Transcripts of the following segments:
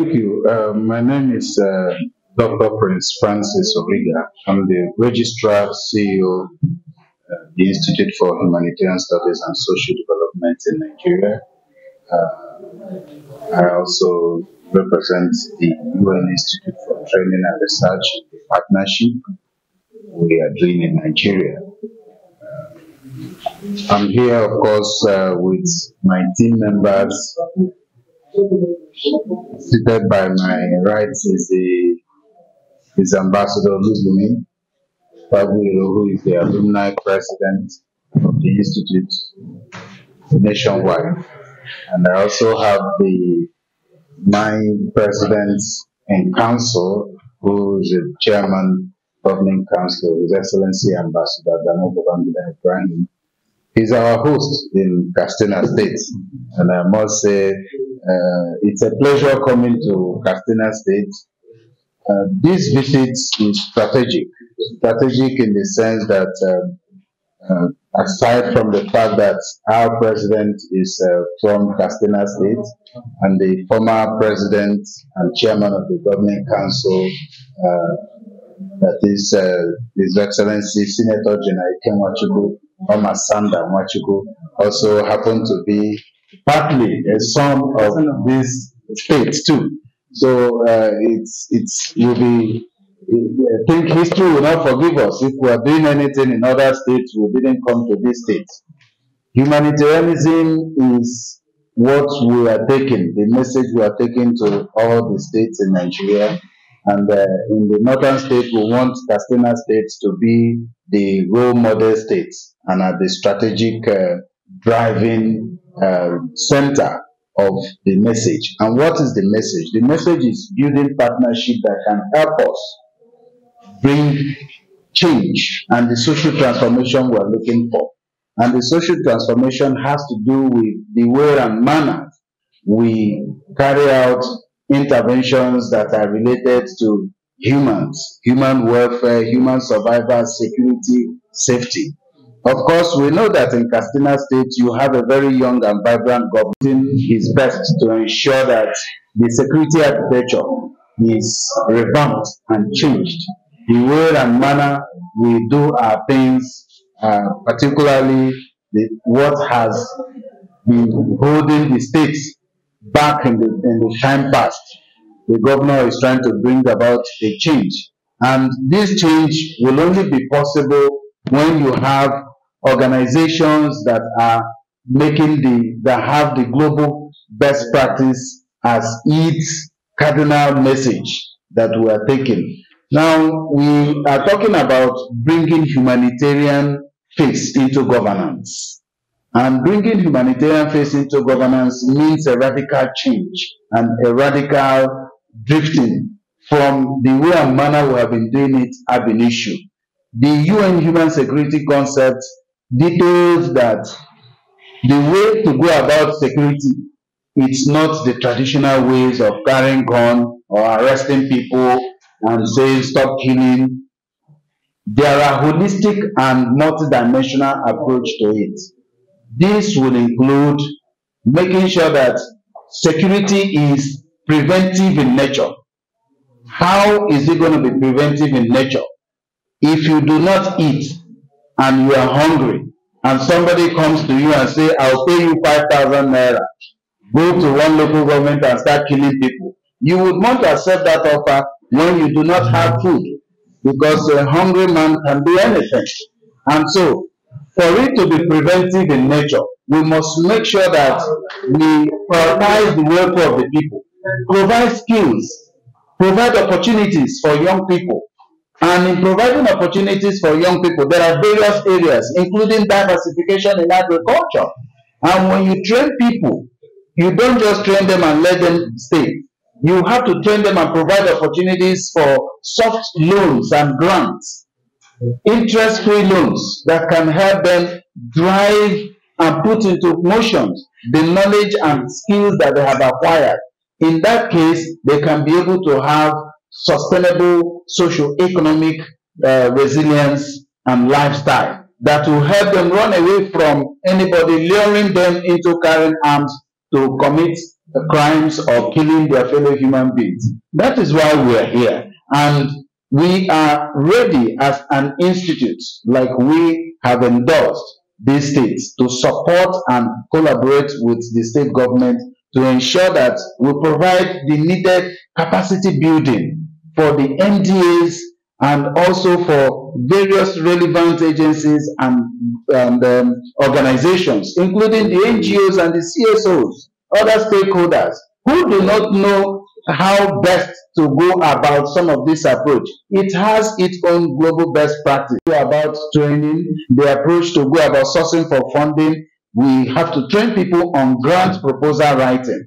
Thank you. Uh, my name is uh, Dr. Prince Francis Origa. I'm the Registrar CEO of uh, the Institute for Humanitarian Studies and Social Development in Nigeria. Uh, I also represent the UN Institute for Training and Research partnership we are doing in Nigeria. Uh, I'm here, of course, with my team members Seated by my right is the is Ambassador Lubumi Fabio, who is the alumni president of the institute nationwide. And I also have the nine presidents in council, who is the chairman governing council, His Excellency Ambassador Danobo Bangida Ibrahim. He's our host in Castina State. And I must say, uh, it's a pleasure coming to Castina State. Uh, this visit is strategic, strategic in the sense that um, uh, aside from the fact that our president is uh, from Castina State and the former president and chairman of the governing council, uh, that is uh, His Excellency Senator General Ken Omasanda Wachugu, also happened to be partly some of these states too. So uh, it's it's will be. I uh, think history will not forgive us if we are doing anything in other states. We didn't come to this state. Humanitarianism is what we are taking, the message we are taking to all the states in Nigeria. And uh, in the northern state, we want Castina states to be the role model states and are the strategic uh, driving um, center of the message. And what is the message? The message is building partnership that can help us bring change and the social transformation we're looking for. And the social transformation has to do with the way and manner we carry out interventions that are related to humans, human welfare, human survival, security, safety. Of course, we know that in Castina State you have a very young and vibrant government doing his best to ensure that the security architecture is revamped and changed. The way and manner we do our things, uh, particularly the, what has been holding the state back in the, in the time past, the governor is trying to bring about a change. And this change will only be possible when you have organizations that are making the, that have the global best practice as its cardinal message that we are taking. Now, we are talking about bringing humanitarian face into governance. And bringing humanitarian face into governance means a radical change and a radical drifting from the way and manner we have been doing it Have been issue. The UN human security concept details that the way to go about security it's not the traditional ways of carrying gun or arresting people and saying stop killing. There are holistic and multidimensional approach to it. This will include making sure that security is preventive in nature. How is it going to be preventive in nature? If you do not eat, and you are hungry and somebody comes to you and say, I'll pay you five thousand naira, go to one local government and start killing people. You would not accept that offer when you do not have food because a hungry man can do anything. And so, for it to be preventive in nature, we must make sure that we prioritize the welfare of the people, provide skills, provide opportunities for young people, And in providing opportunities for young people, there are various areas, including diversification in agriculture. And when you train people, you don't just train them and let them stay. You have to train them and provide opportunities for soft loans and grants, interest-free loans that can help them drive and put into motion the knowledge and skills that they have acquired. In that case, they can be able to have sustainable socio-economic uh, resilience and lifestyle that will help them run away from anybody luring them into carrying arms to commit crimes or killing their fellow human beings. That is why we are here. And we are ready as an institute, like we have endorsed these states, to support and collaborate with the state government to ensure that we provide the needed capacity building for the NDAs and also for various relevant agencies and, and um, organizations, including the NGOs and the CSOs, other stakeholders who do not know how best to go about some of this approach. It has its own global best practice about training, the approach to go about sourcing for funding. We have to train people on grant proposal writing.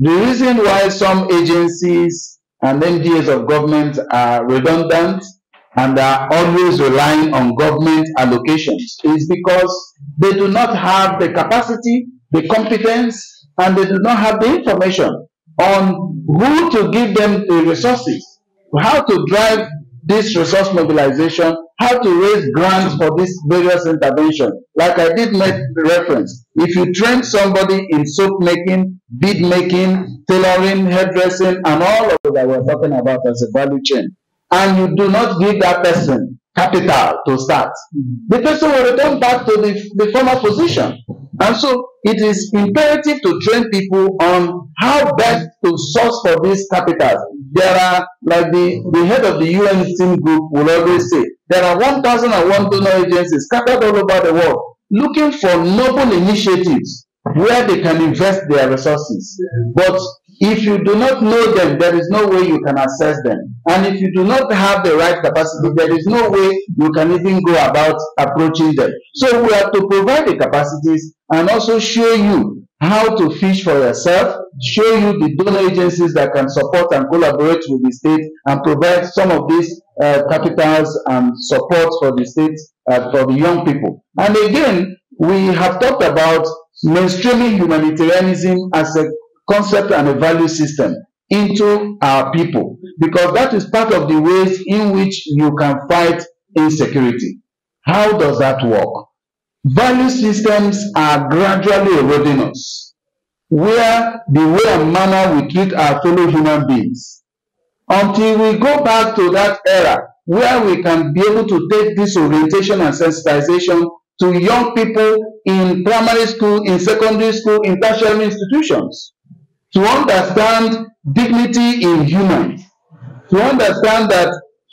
The reason why some agencies and NGOs of government are redundant and are always relying on government allocations is because they do not have the capacity, the competence, and they do not have the information on who to give them the resources, how to drive this resource mobilization, how to raise grants for these various interventions. Like I did make reference, if you train somebody in soap making, bead making, tailoring, hairdressing, and all of that we're talking about as a value chain, and you do not give that person capital to start, mm-hmm. the person will return back to the, the former position. And so it is imperative to train people on how best to source for these capitals. There are, like the, the head of the UN team group will always say, there are 1,001 donor agencies scattered all over the world looking for noble initiatives where they can invest their resources. But if you do not know them, there is no way you can assess them. And if you do not have the right capacity, there is no way you can even go about approaching them. So we have to provide the capacities and also show you how to fish for yourself, show you the donor agencies that can support and collaborate with the state and provide some of these uh, capitals and support for the state, uh, for the young people. And again, we have talked about mainstreaming humanitarianism as a concept and a value system into our people because that is part of the ways in which you can fight insecurity. How does that work? Value systems are gradually eroding us, where the way and manner we treat our fellow human beings. Until we go back to that era where we can be able to take this orientation and sensitization to young people in primary school, in secondary school, in tertiary institutions. to understand dignity in humans, to understand that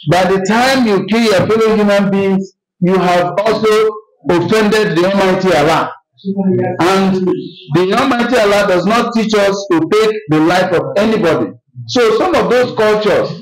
by the time you kill your fellow human beings, you have also offended the Almighty Allah. And the Almighty Allah does not teach us to take the life of anybody. So some of those cultures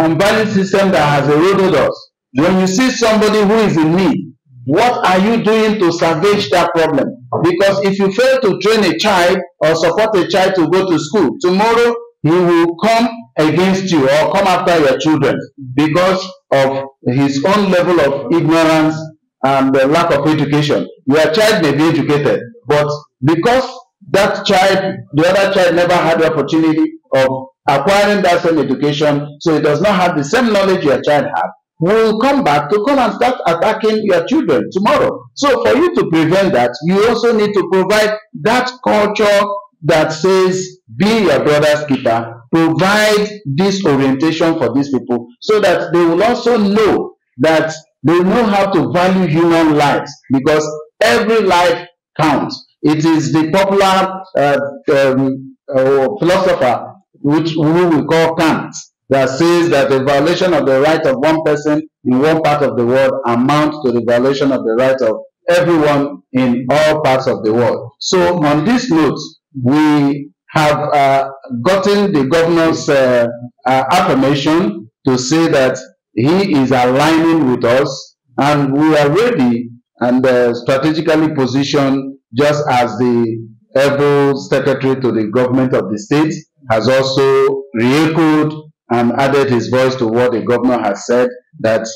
and value system that has eroded us, when you see somebody who is in need, What are you doing to salvage that problem? Because if you fail to train a child or support a child to go to school, tomorrow he will come against you or come after your children because of his own level of ignorance and the lack of education. Your child may be educated, but because that child, the other child never had the opportunity of acquiring that same education, so he does not have the same knowledge your child has will come back to come and start attacking your children tomorrow. So for you to prevent that, you also need to provide that culture that says, be your brother's keeper. Provide this orientation for these people so that they will also know that they know how to value human lives because every life counts. It is the popular uh, um, uh, philosopher, which we will call Kant, that says that the violation of the right of one person in one part of the world amounts to the violation of the right of everyone in all parts of the world. So on this note, we have uh, gotten the governor's uh, uh, affirmation to say that he is aligning with us and we are ready and uh, strategically positioned just as the able secretary to the government of the state has also re-echoed and added his voice to what the governor has said that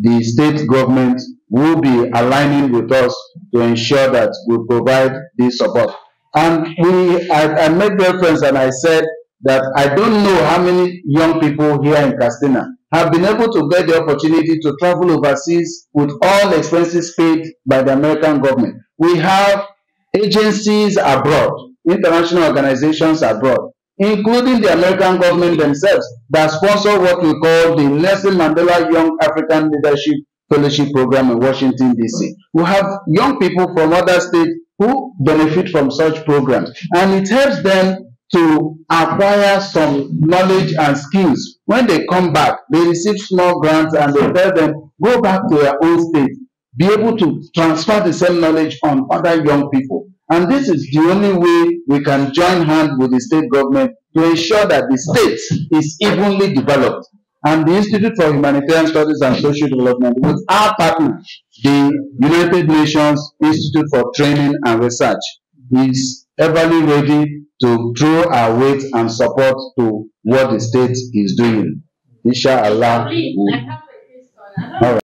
the state government will be aligning with us to ensure that we provide this support. And we, I, I made reference and I said that I don't know how many young people here in Castina have been able to get the opportunity to travel overseas with all expenses paid by the American government. We have agencies abroad, international organizations abroad, including the American government themselves, that sponsor what we call the Nelson Mandela Young African Leadership Fellowship Program in Washington, D.C. We have young people from other states who benefit from such programs, and it helps them to acquire some knowledge and skills. When they come back, they receive small grants and they tell them, go back to their own state, be able to transfer the same knowledge on other young people. And this is the only way we can join hands with the state government to ensure that the state is evenly developed. And the Institute for Humanitarian Studies and Social Development with our partner, the United Nations Institute for Training and Research, is everly ready to throw our weight and support to what the state is doing. Inshallah.